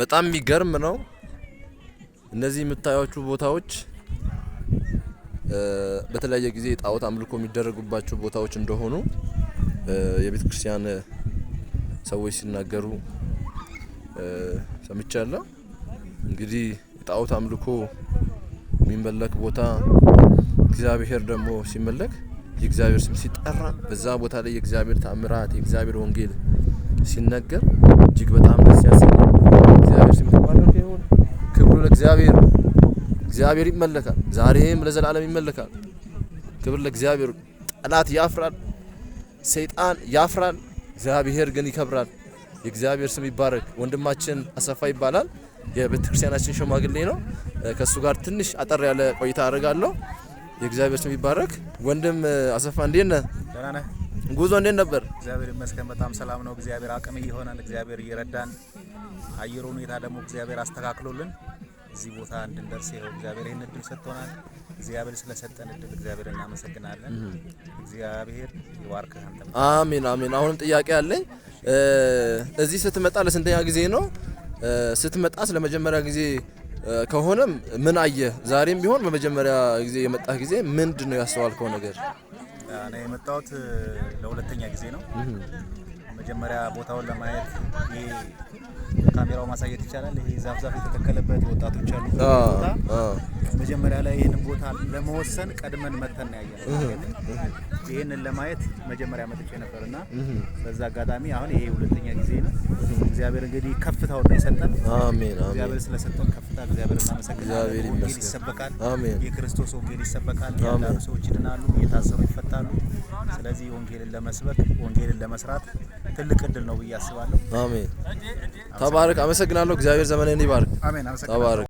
በጣም የሚገርም ነው። እነዚህ የምታዩቸው ቦታዎች በተለያየ ጊዜ ጣዖት አምልኮ የሚደረጉባቸው ቦታዎች እንደሆኑ የቤተ ክርስቲያን ሰዎች ሲናገሩ ሰምቻለሁ። እንግዲህ ጣዖት አምልኮ የሚመለክ ቦታ እግዚአብሔር ደግሞ ሲመለክ የእግዚአብሔር ስም ሲጠራ በዛ ቦታ ላይ የእግዚአብሔር ታምራት የእግዚአብሔር ወንጌል ሲነገር እጅግ በጣም ደስ ያሰኛል። እግዚአብሔር ስም ተባረከ ይሁን። ክብሩ ለእግዚአብሔር። እግዚአብሔር ይመለካል፣ ዛሬም ለዘላለም ይመለካል። ክብር ለእግዚአብሔር። ጠላት ያፍራል፣ ሰይጣን ያፍራል፣ እግዚአብሔር ግን ይከብራል። የእግዚአብሔር ስም ይባረክ። ወንድማችን አሰፋ ይባላል። የቤተክርስቲያናችን ሽማግሌ ነው። ከእሱ ጋር ትንሽ አጠር ያለ ቆይታ አደርጋለሁ። የእግዚአብሔር ስም ይባረክ። ወንድም አሰፋ እንዴት ነህ? ደህና ነህ? ጉዞ እንዴት ነበር? እግዚአብሔር ይመስገን በጣም ሰላም ነው። እግዚአብሔር አቅም እየሆነን እግዚአብሔር እየረዳን አየር ሁኔታ ደግሞ እግዚአብሔር አስተካክሎልን እዚህ ቦታ እንድንደርስ ይኸው እግዚአብሔር ይህን እድል ሰጥቶናል። እግዚአብሔር ስለሰጠን እድል እግዚአብሔር እናመሰግናለን። እግዚአብሔር ይባርክህ። አሜን አሜን። አሁንም ጥያቄ አለኝ። እዚህ ስትመጣ ለስንተኛ ጊዜ ነው? ስትመጣስ ለመጀመሪያ ጊዜ ከሆነም ምን አየህ? ዛሬም ቢሆን በመጀመሪያ ጊዜ የመጣህ ጊዜ ምንድን ነው ያስተዋልከው ነገር? እኔ የመጣሁት ለሁለተኛ ጊዜ ነው። መጀመሪያ ቦታውን ለማየት ይሄ ካሜራው ማሳየት ይቻላል። ይሄ ዛፍ ዛፍ የተተከለበት ወጣቶች አሉ ቦታ መጀመሪያ ላይ ይህንን ቦታ ለመወሰን ቀድመን መተን ያየ ይህንን ለማየት መጀመሪያ መጥቼ ነበር እና በዛ አጋጣሚ አሁን ይሄ ሁለተኛ ጊዜ ነው እግዚአብሔር እንግዲህ ከፍታው ነው የሰጠን። አሜን አሜን። እግዚአብሔር ስለሰጠን ከፍታ እግዚአብሔር እናመሰግናለን። ወንጌል ይሰበካል። አሜን። የክርስቶስ ወንጌል ይሰበካል። ያሉ ሰዎች ይድናሉ፣ የታሰሩ ይፈታሉ። ስለዚህ ወንጌልን ለመስበክ ወንጌልን ለመስራት ትልቅ እድል ነው ብዬ አስባለሁ። አሜን። ተባረክ። አመሰግናለሁ። እግዚአብሔር ዘመንህን ይባርክ። አሜን። አመሰግናለሁ። ተባረክ።